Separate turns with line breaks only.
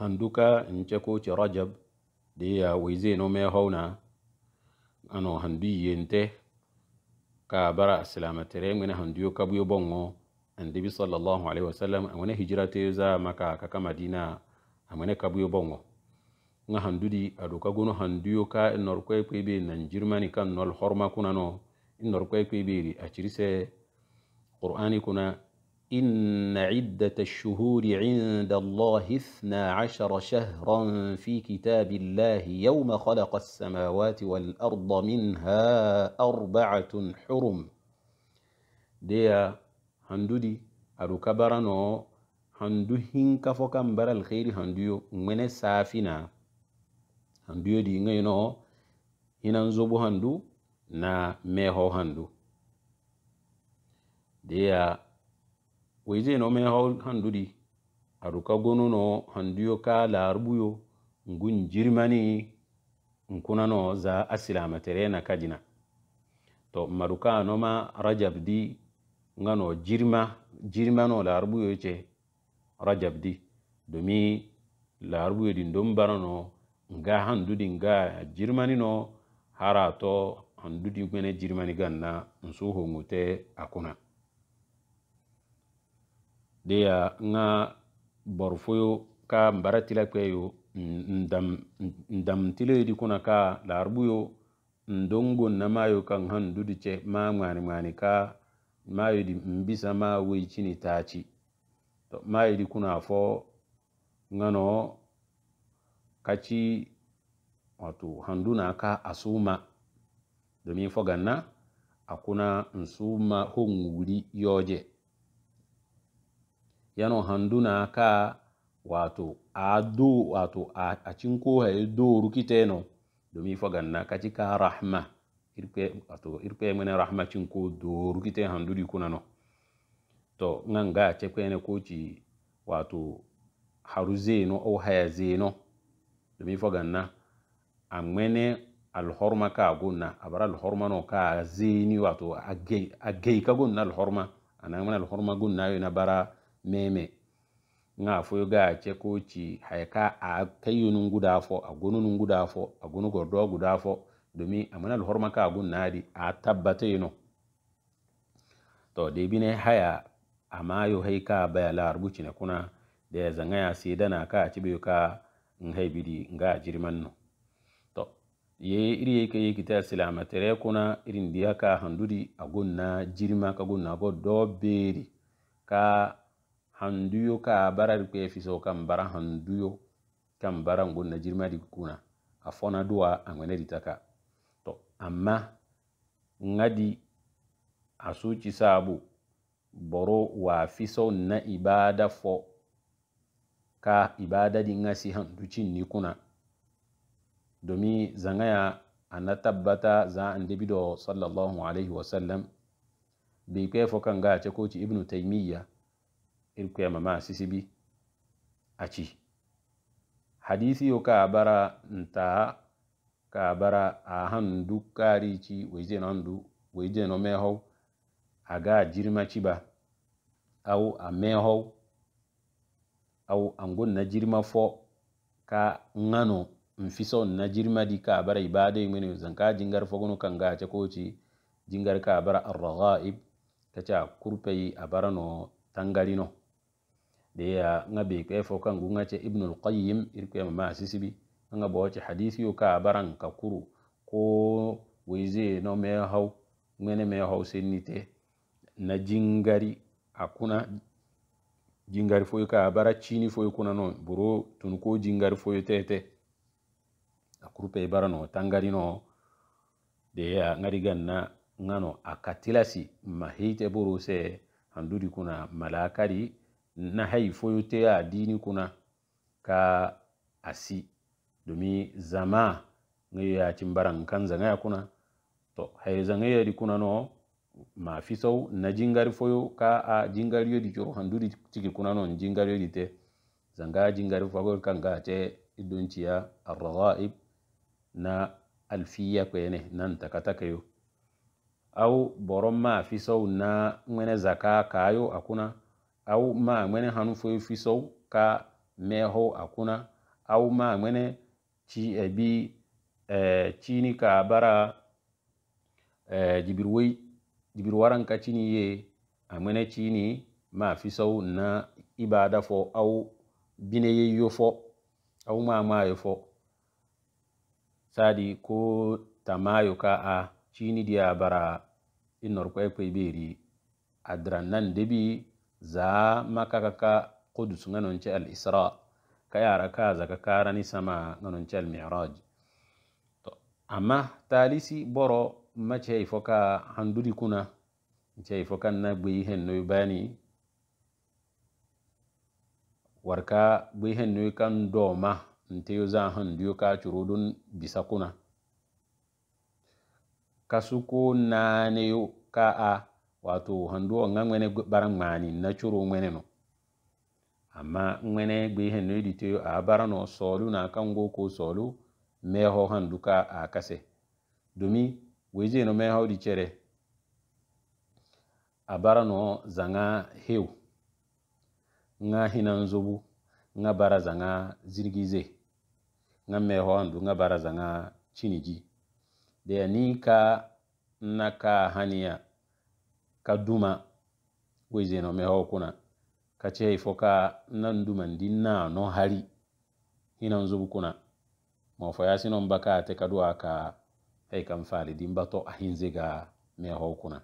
handuka nche ko che rajab de ya weze no me hauna ano handu yente ka bara salama tere ngene handu kabu yo bongo andi bi sallallahu alaihi wasallam ngene hijrate za maka ka ka madina ngene kabu yo bongo nga handu di aduka gono handu yo ka nor ko ko be nan jirmani kan nol horma kuna no nor ko ko be ri achirise qur'ani kuna إن عدة الشهور عند الله اثنا عشر شهرا في كتاب الله يوم خلق السماوات والأرض منها أربعة حرم ديا هندودي أدو كبرانو هندو هنكا فوكا مبرا الخير هندو من سافنا هندو دي نينو هنانزوبو هندو نا ميهو هندو ديا weje no me handudi aruka gono no handuyo ka larbuyo ngun jirmani nkuna no za asilama terena kajina to maruka no ma rajab di ngano jirma jirma no larbuyo ce rajab di domi larbuyo din don barano nga handudi nga jirmani no hara to handudi gwene jirmani ganna nsuho ngute akuna deya nga borfoyo ka mbara tila kweyo ndam ndam di kuna ka larbuyo ndongo na mayo kan han dudice ma ngani ngani ka mayo di mbisa ma wei chini tachi to mayo di kuna fo ngano kaci wato handuna ka asuma domin foganna akuna nsuma hon wuri yoje yano handuna ka wato a do wato a cinko do rukita kiteno domin faganna kaci ka rahma irpe wato irpe mene rahma cinko doru kite handuri kunano to ngan ga cekwene koci wato haru zeno o haya zeno domin faganna a mene alhorma ka gonna a bara alhorma no ka zeni wato a gei ka gonna alhorma anan mana alhorma gonna yi na bara meme nga foyo ga cekoci hayka a kayu nun guda fo a gunu nun guda fo a gunu gordo guda fo domi amana alhorma ka gun nadi a tabbata yino to de bine haya ama yo hayka baya la arbuci ne kuna de zanga ya sidana ka cibiyo ka in hay bidi nga jirimanno to ye iri ye kayi kita silama tere kuna irin diya ka handudi a gunna jirima ka gunna go do beri ka handuyo ka barar kwefiso kan bara handuyo kan baran gunna jirmadi kuna a fona duwa a ngwene ditaka to amma ngadi a suci sabu boro wa fiso na ibada fo ka ibada di ngasi handucin ni kuna domi zangaya ana tabbata za an debi do sallallahu alaihi wasallam bi kwefo kan ga ce koci ibnu taimiyya irkuyama ma sisibi hadisi hadisiyo ka bara nta ka bara a handu kari ci waijeno handu waijeno mehow aga jirma ba au a mehow au angon na jirma fo ka ngano mfiso na jirma di ka bara ibada imene zanka jingar fogono kanga ce koci jingar ka bara arraghaib kaca kurpeyi a bara no tangarino deya ŋa bee kee fo kaŋgu ŋa ce ibnul qayim irkuyama maa sisibi ŋa boo ce hadisi yo kaa baraŋ ka kuru ko weze no mee haw ŋene mee haw sennite na jingari a kuna jingari foyo kaa bara chini foyo kuna no buro tun ko jingari foyo tete a kuru pe bara no tangari no deya ŋa rigan na ŋa no a katilasi ma hiite buru se handudi kuna malaakari na haifo yote ya dini kuna ka asi domi zama ngayo ya timbaran kanza ngaya kuna to hairiza ngayo di kuna no ma fisau na jingari foyo ka a jingari yodi joro handuri tiki kuna no jingari yodi te zanga jingari fago kanga te idontiya arragaib na alfiya kwene nan takataka yo au boron ma fisau na ngwene zaka kayo akuna awu ma ŋwene hanu foyi fisou ka meho akuna awu ma ŋwene ci ebi eh, eh, cini ka bara eh, jibirwoi jibir waran ka cini ye aŋwene cini ma fisou na ibada fo awu bineye yofo awu ma ma yofo sadi ko tamayo ka a cini di a bara inorko ekpe iberi adra nan debi za makakaka kudus nganonce al isra ka yara ka zaka ni sama nganonce al mi'raj to amma talisi boro mace ka handudi kuna nce ifoka na gbe hannu bani warka gbe hannu kan doma ma nte yo za handu ka curudun bisa kuna kasuko nane yo ka a wato hando on ga ŋwene bara ŋmaani na churu ŋwene no amma ŋwene gbe ihe yidi teyo a bara no soolu na aka kango ko soolu meho handu ka a kase domi wejeno meho di cere a bara no zanga hew nga hinan zobu nga bara zaŋa zirgize ŋa meho handu nga bara zaŋa ciniji deya ni ka nna ka haniya ka duma goizeno me hawo kuna ka ce ifo ka nan duman na no hari hinan zubu kuna mo fo yasinon baka te kaduwa ka hay kan fali din bato ga me hawo kuna